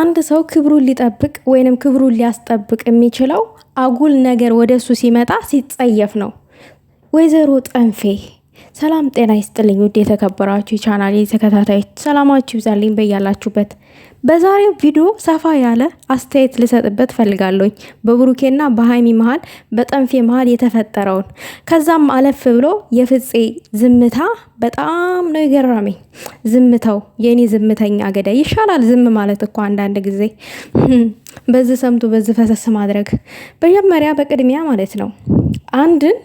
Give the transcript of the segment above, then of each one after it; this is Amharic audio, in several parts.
አንድ ሰው ክብሩን ሊጠብቅ ወይንም ክብሩን ሊያስጠብቅ የሚችለው አጉል ነገር ወደ እሱ ሲመጣ ሲጸየፍ ነው። ወይዘሮ ጠንፌ ሰላም ጤና ይስጥልኝ። ውድ የተከበራችሁ የቻናሌ ተከታታዮች ሰላማችሁ ይብዛልኝ በያላችሁበት በዛሬው ቪዲዮ ሰፋ ያለ አስተያየት ልሰጥበት ፈልጋለሁኝ በብሩኬና በሀይሚ መሀል በጠንፌ መሀል የተፈጠረውን ከዛም አለፍ ብሎ የፍፄ ዝምታ በጣም ነው የገረመኝ። ዝምታው የእኔ ዝምተኛ ገዳይ ይሻላል ዝም ማለት እኮ አንዳንድ ጊዜ በዚህ ሰምቶ በዚህ ፈሰስ ማድረግ። መጀመሪያ በቅድሚያ ማለት ነው አንድን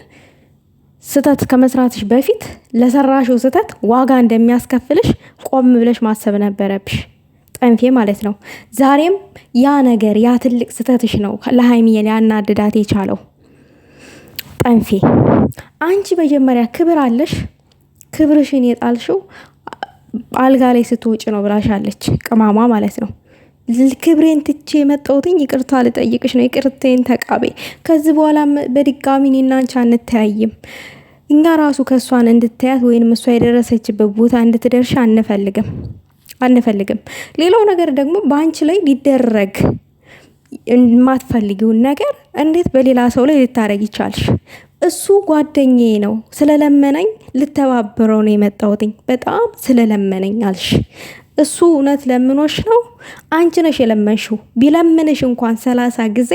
ስህተት ከመስራትሽ በፊት ለሰራሽው ስህተት ዋጋ እንደሚያስከፍልሽ ቆም ብለሽ ማሰብ ነበረብሽ። ጠንፌ ማለት ነው። ዛሬም ያ ነገር ያ ትልቅ ስህተትሽ ነው ለሀይሚዬ ያናድዳት የቻለው። ጠንፌ አንቺ መጀመሪያ ክብር አለሽ። ክብርሽን የጣልሽው አልጋ ላይ ስትወጭ ነው ብላሻለች፣ ቅማሟ ማለት ነው። ክብሬን ትቼ የመጣሁትኝ ይቅርታ ልጠይቅሽ ነው። ይቅርቴን ተቃቤ። ከዚህ በኋላ በድጋሚ እኔና አንቺ አንተያይም። እኛ ራሱ ከእሷን እንድታያት ወይንም እሷ የደረሰችበት ቦታ እንድትደርሽ አንፈልግም። አንፈልግም። ሌላው ነገር ደግሞ በአንቺ ላይ ሊደረግ የማትፈልጊውን ነገር እንዴት በሌላ ሰው ላይ ልታደረግ ይቻልሽ? እሱ ጓደኛዬ ነው ስለለመነኝ ልተባበረው ነው የመጣሁትኝ በጣም ስለለመነኝ አልሽ። እሱ እውነት ለምኖሽ ነው? አንቺ ነሽ የለመንሽው። ቢለምንሽ እንኳን ሰላሳ ጊዜ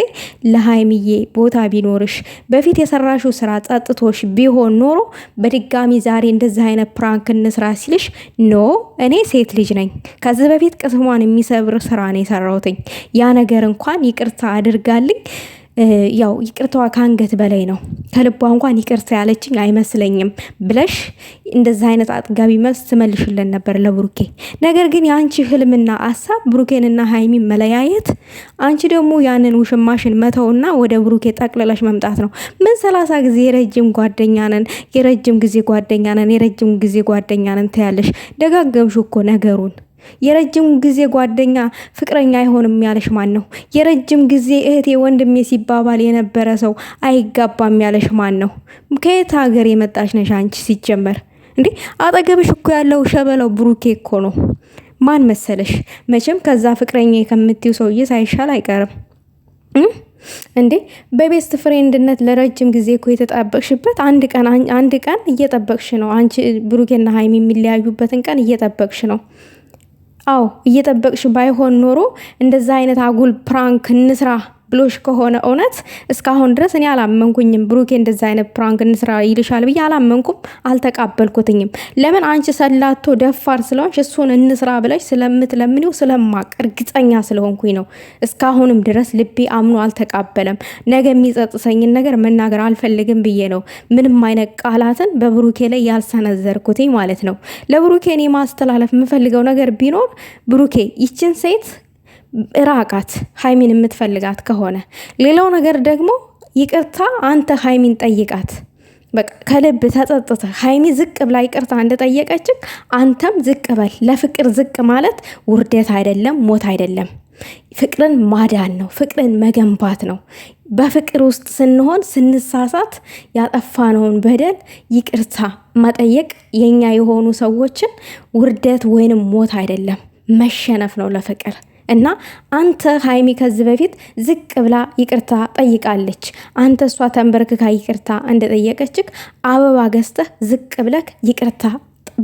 ለሀይምዬ ቦታ ቢኖርሽ በፊት የሰራሽው ስራ ጸጥቶሽ ቢሆን ኖሮ በድጋሚ ዛሬ እንደዚህ አይነት ፕራንክ እንስራ ሲልሽ ኖ እኔ ሴት ልጅ ነኝ፣ ከዚህ በፊት ቅስሟን የሚሰብር ስራ ነው የሰራሁትኝ ያ ነገር እንኳን ይቅርታ አድርጋልኝ ያው ይቅርታዋ ከአንገት በላይ ነው፣ ከልቧ እንኳን ይቅርታ ያለችኝ አይመስለኝም ብለሽ እንደዚህ አይነት አጥጋቢ መልስ ትመልሽልን ነበር ለብሩኬ። ነገር ግን የአንቺ ህልምና አሳብ ብሩኬንና ሀይሚን መለያየት፣ አንቺ ደግሞ ያንን ውሽማሽን መተውና ወደ ብሩኬ ጠቅልለሽ መምጣት ነው። ምን ሰላሳ ጊዜ የረጅም ጓደኛ ነን፣ የረጅም ጊዜ ጓደኛ ነን፣ የረጅም ጊዜ ጓደኛ ነን ትያለሽ። ደጋገምሽ እኮ ነገሩን የረጅም ጊዜ ጓደኛ ፍቅረኛ አይሆንም ያለሽ ማን ነው? የረጅም ጊዜ እህቴ ወንድሜ ሲባባል የነበረ ሰው አይጋባም ያለሽ ማን ነው? ከየት ሀገር የመጣሽ ነሽ አንቺ? ሲጀመር እንዴ አጠገብሽ እኮ ያለው ሸበለው ብሩኬ እኮ ነው። ማን መሰለሽ? መቼም ከዛ ፍቅረኛ ከምትይው ሰውዬ ሳይሻል አይቀርም እንዴ በቤስት ፍሬንድነት ለረጅም ጊዜ እኮ የተጣበቅሽበት አንድ ቀን አንድ ቀን እየጠበቅሽ ነው አንቺ ብሩኬና ሀይሚ የሚለያዩበትን ቀን እየጠበቅሽ ነው። አዎ እየጠበቅሽ ባይሆን ኖሮ እንደዛ አይነት አጉል ፕራንክ እንስራ ብሎሽ ከሆነ እውነት እስካሁን ድረስ እኔ አላመንኩኝም። ብሩኬ እንደዚ አይነት ፕራንክ እንስራ ይልሻል ብዬ አላመንኩም፣ አልተቃበልኩትኝም። ለምን አንቺ ሰላቶ ደፋር ስለሆንሽ እሱን እንስራ ብለሽ ስለምትለምኒው ስለማቅ እርግጠኛ ስለሆንኩኝ ነው። እስካሁንም ድረስ ልቤ አምኖ አልተቃበለም። ነገ የሚጸጽሰኝን ነገር መናገር አልፈልግም ብዬ ነው ምንም አይነት ቃላትን በብሩኬ ላይ ያልሰነዘርኩትኝ ማለት ነው። ለብሩኬ እኔ ማስተላለፍ የምፈልገው ነገር ቢኖር ብሩኬ ይችን ሴት ራቃት ሀይሚን የምትፈልጋት ከሆነ። ሌላው ነገር ደግሞ ይቅርታ አንተ ሀይሚን ጠይቃት በቃ ከልብ ተጸጥተ ሀይሚ ዝቅ ብላ ይቅርታ እንደጠየቀች አንተም ዝቅ በል። ለፍቅር ዝቅ ማለት ውርደት አይደለም፣ ሞት አይደለም። ፍቅርን ማዳን ነው። ፍቅርን መገንባት ነው። በፍቅር ውስጥ ስንሆን ስንሳሳት ያጠፋነውን በደል ይቅርታ መጠየቅ የኛ የሆኑ ሰዎችን ውርደት ወይንም ሞት አይደለም፣ መሸነፍ ነው ለፍቅር እና አንተ ሀይሚ ከዚህ በፊት ዝቅ ብላ ይቅርታ ጠይቃለች። አንተ እሷ ተንበርክካ ይቅርታ እንደጠየቀችክ አበባ ገዝተህ ዝቅ ብለክ ይቅርታ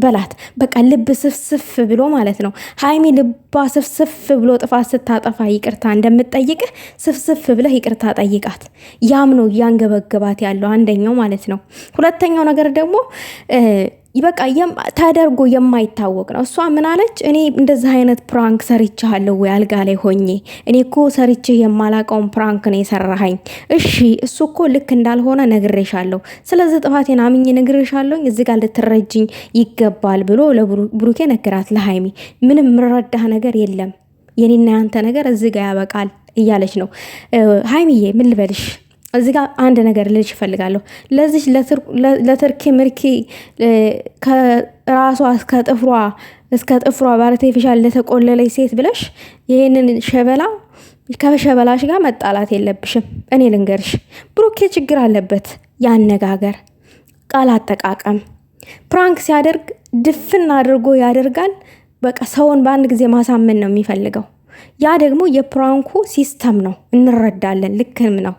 በላት። በቃ ልብ ስፍስፍ ብሎ ማለት ነው። ሀይሚ ልባ ስፍስፍ ብሎ ጥፋት ስታጠፋ ይቅርታ እንደምትጠይቅህ ስፍስፍ ብለህ ይቅርታ ጠይቃት። ያም ነው እያንገበገባት ያለው አንደኛው ማለት ነው። ሁለተኛው ነገር ደግሞ በቃ ተደርጎ የማይታወቅ ነው። እሷ ምን አለች? እኔ እንደዚህ አይነት ፕራንክ ሰርቻለሁ ወይ አልጋ ላይ ሆኜ? እኔ እኮ ሰርቼ የማላቀውን ፕራንክ ነው የሰራኸኝ። እሺ እሱ እኮ ልክ እንዳልሆነ ነግሬሻለሁ። ስለዚህ ጥፋቴን አምኜ ነግሬሻለሁ። እዚህ ጋር ልትረጅኝ ይገባል ብሎ ለብሩኬ ነግራት፣ ለሀይሚ ምንም ምረዳህ ነገር የለም የኔና ያንተ ነገር እዚህ ጋር ያበቃል እያለች ነው። ሀይሚዬ ምን ልበልሽ እዚ ጋር አንድ ነገር ልጅ እፈልጋለሁ። ለዚች ለትርኪ ምርኪ ከራሷ እስከ ጥፍሯ እስከ ጥፍሯ በአርቴፊሻል ለተቆለለች ሴት ብለሽ ይህንን ሸበላ ከሸበላሽ ጋር መጣላት የለብሽም። እኔ ልንገርሽ፣ ብሩኬ ችግር አለበት። ያነጋገር፣ ቃል አጠቃቀም፣ ፕራንክ ሲያደርግ ድፍን አድርጎ ያደርጋል። በቃ ሰውን በአንድ ጊዜ ማሳመን ነው የሚፈልገው። ያ ደግሞ የፕራንኩ ሲስተም ነው፣ እንረዳለን። ልክም ነው።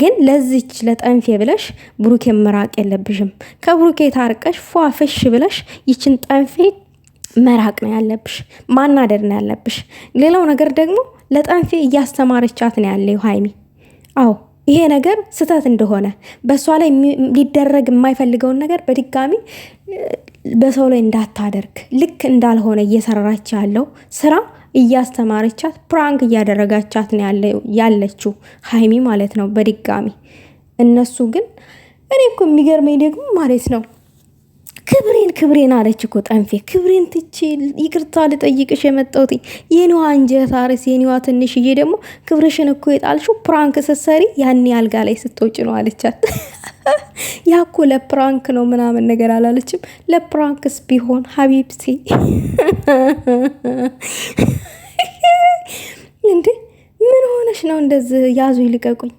ግን ለዚች ለጠንፌ ብለሽ ብሩኬ መራቅ የለብሽም። ከብሩኬ ታርቀሽ ፏፍሽ ብለሽ ይችን ጠንፌ መራቅ ነው ያለብሽ፣ ማናደድ ነው ያለብሽ። ሌላው ነገር ደግሞ ለጠንፌ እያስተማረቻት ነው ያለው ሀይሚ። አዎ ይሄ ነገር ስህተት እንደሆነ በእሷ ላይ ሊደረግ የማይፈልገውን ነገር በድጋሚ በሰው ላይ እንዳታደርግ ልክ እንዳልሆነ እየሰራች ያለው ስራ እያስተማረቻት ፕራንክ እያደረጋቻት ነው ያለችው ሀይሚ ማለት ነው። በድጋሚ እነሱ ግን እኔ እኮ የሚገርመኝ ደግሞ ማለት ነው ክብሬን ክብሬን አለች እኮ ጠንፌ ክብሬን ትቼ ይቅርታ ልጠይቅሽ የመጣሁት የኔዋ እንጀት አርስ የኔዋ ትንሽዬ ደግሞ ክብርሽን እኮ የጣልሽው ፕራንክ ስትሰሪ ያኔ አልጋ ላይ ስትወጭ ነው አለቻት። ያኮ ለፕራንክ ነው ምናምን ነገር አላለችም። ለፕራንክስ ቢሆን ሀቢብሲ እንዴ ምን ሆነሽ ነው እንደዚህ? ያዙ ይልቀቁኝ፣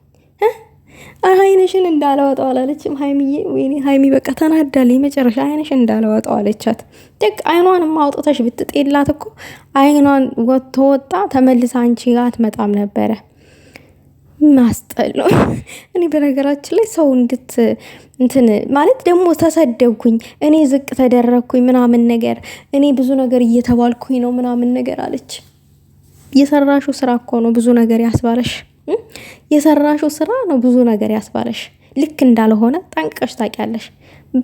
አይነሽን እንዳለወጠው አላለችም ሀይሚዬ። ወይኔ ሀይሚ በቃ ተናዳል። የመጨረሻ አይነሽን እንዳለወጠው አለቻት። ደቅ አይኗን አውጥተሽ ብትጤላት እኮ አይኗን ተወጣ ተመልሳ አንቺ ጋር አትመጣም ነበረ። ነው እኔ በነገራችን ላይ ሰው እንድት እንትን ማለት ደግሞ ተሰደብኩኝ፣ እኔ ዝቅ ተደረግኩኝ ምናምን ነገር እኔ ብዙ ነገር እየተባልኩኝ ነው ምናምን ነገር አለች። የሰራሹ ስራ እኮ ነው ብዙ ነገር ያስባለሽ። የሰራሹ ስራ ነው ብዙ ነገር ያስባለሽ። ልክ እንዳልሆነ ጠንቀሽ ታውቂያለሽ።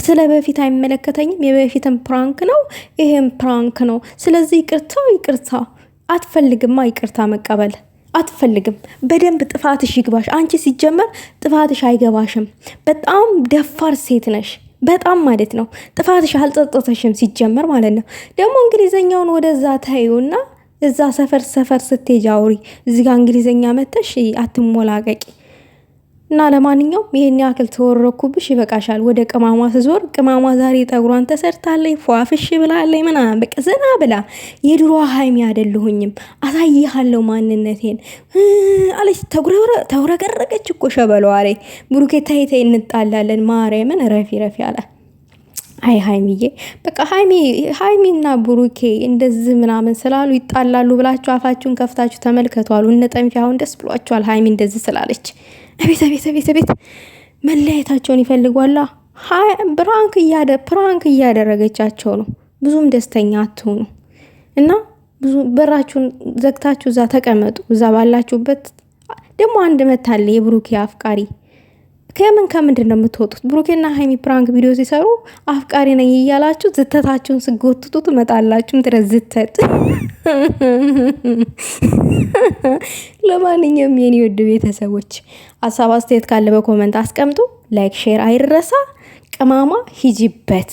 ስለ በፊት አይመለከተኝም፣ የበፊትም ፕራንክ ነው፣ ይህም ፕራንክ ነው። ስለዚህ ይቅርታው ይቅርታ አትፈልግማ፣ ይቅርታ መቀበል አትፈልግም። በደንብ ጥፋትሽ ይግባሽ። አንቺ ሲጀመር ጥፋትሽ አይገባሽም። በጣም ደፋር ሴት ነሽ። በጣም ማለት ነው። ጥፋትሽ አልጸጸተሽም ሲጀመር ማለት ነው። ደግሞ እንግሊዘኛውን ወደዛ ታዩና እዛ ሰፈር ሰፈር ስትሄጂ አውሪ። እዚጋ እንግሊዘኛ መተሽ አትሞላቀቂ። እና ለማንኛውም ይሄን ያክል ተወረኩብሽ ይበቃሻል። ወደ ቅማሟ ስዞር ቅማሟ ዛሬ ጠጉሯን ተሰርታለኝ ፏፍሽ ብላለኝ ምናምን በቃ ዘና ብላ የድሮ ሀይሚ አይደለሁኝም አሳይሃለሁ ማንነቴን አለች። ተውረገረገች እኮ ሸበለዋ ላይ ብሩኬ፣ ተይ ተይ እንጣላለን፣ ማርያምን ረፊ ረፊ አላት። አይ ሀይሚዬ በቃ ሀይሚ ሀይሚና ብሩኬ እንደዚህ ምናምን ስላሉ ይጣላሉ ብላችሁ አፋችሁን ከፍታችሁ ተመልከቱ አሉ እነ ጠንፊ አሁን ደስ ብሏቸዋል ሀይሚ እንደዚህ ስላለች። አቤት አቤት አቤት አቤት መለያየታቸውን ይፈልጓላ። ፕራንክ ፕራንክ እያደረገቻቸው ነው። ብዙም ደስተኛ አትሆኑ እና ብዙ በራችሁን ዘግታችሁ እዛ ተቀመጡ፣ እዛ ባላችሁበት። ደግሞ አንድ መታለ የብሩኬ አፍቃሪ ከምን ከምንድን ነው የምትወጡት? ብሩኬና ሀይሚ ፕራንክ ቪዲዮ ሲሰሩ አፍቃሪ ነኝ እያላችሁ ዝተታችሁን ስጎትቱ ትመጣላችሁም ዝተት። ለማንኛውም የኔ ውድ ቤተሰቦች ሀሳብ አስተያየት ካለ በኮመንት አስቀምጡ። ላይክ ሼር አይረሳ። ቅማማ ሂጂበት።